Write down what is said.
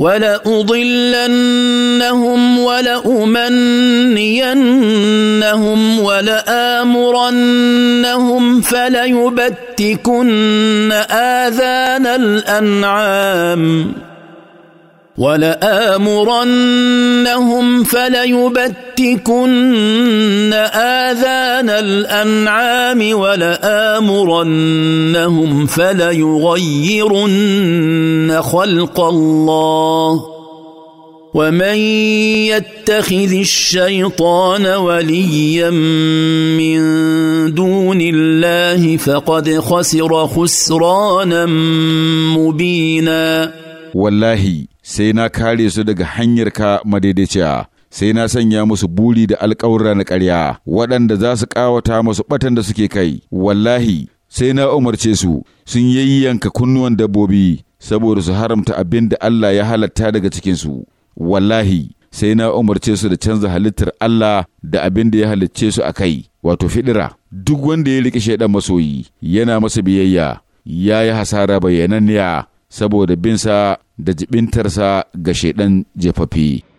ولأضلنهم ولأمنينهم ولآمرنهم فليبتكن آذان الأنعام ولآمرنهم فليبتكن آذان الأنعام ولآمرنهم فليغيرن خلق الله ومن يتخذ الشيطان وليا من دون الله فقد خسر خسرانا مبيناً wallahi sai na kare su daga hanyar ka madaidaiciya sai na sanya musu buri da alƙawura na karya. waɗanda za su ƙawata masu ɓatan da suke kai wallahi sai na umarce su sun yayyanka kunnuwan dabbobi saboda su haramta abin da Allah ya halatta daga cikinsu wallahi sai na umarce su da canza halittar Allah da abin da ya halicce su a kai, wato fidira, duk wanda ya riƙe shaidan masoyi yana masa biyayya, ya yi hasara bayyananniya saboda binsa da jibintarsa ga shaidan jefafi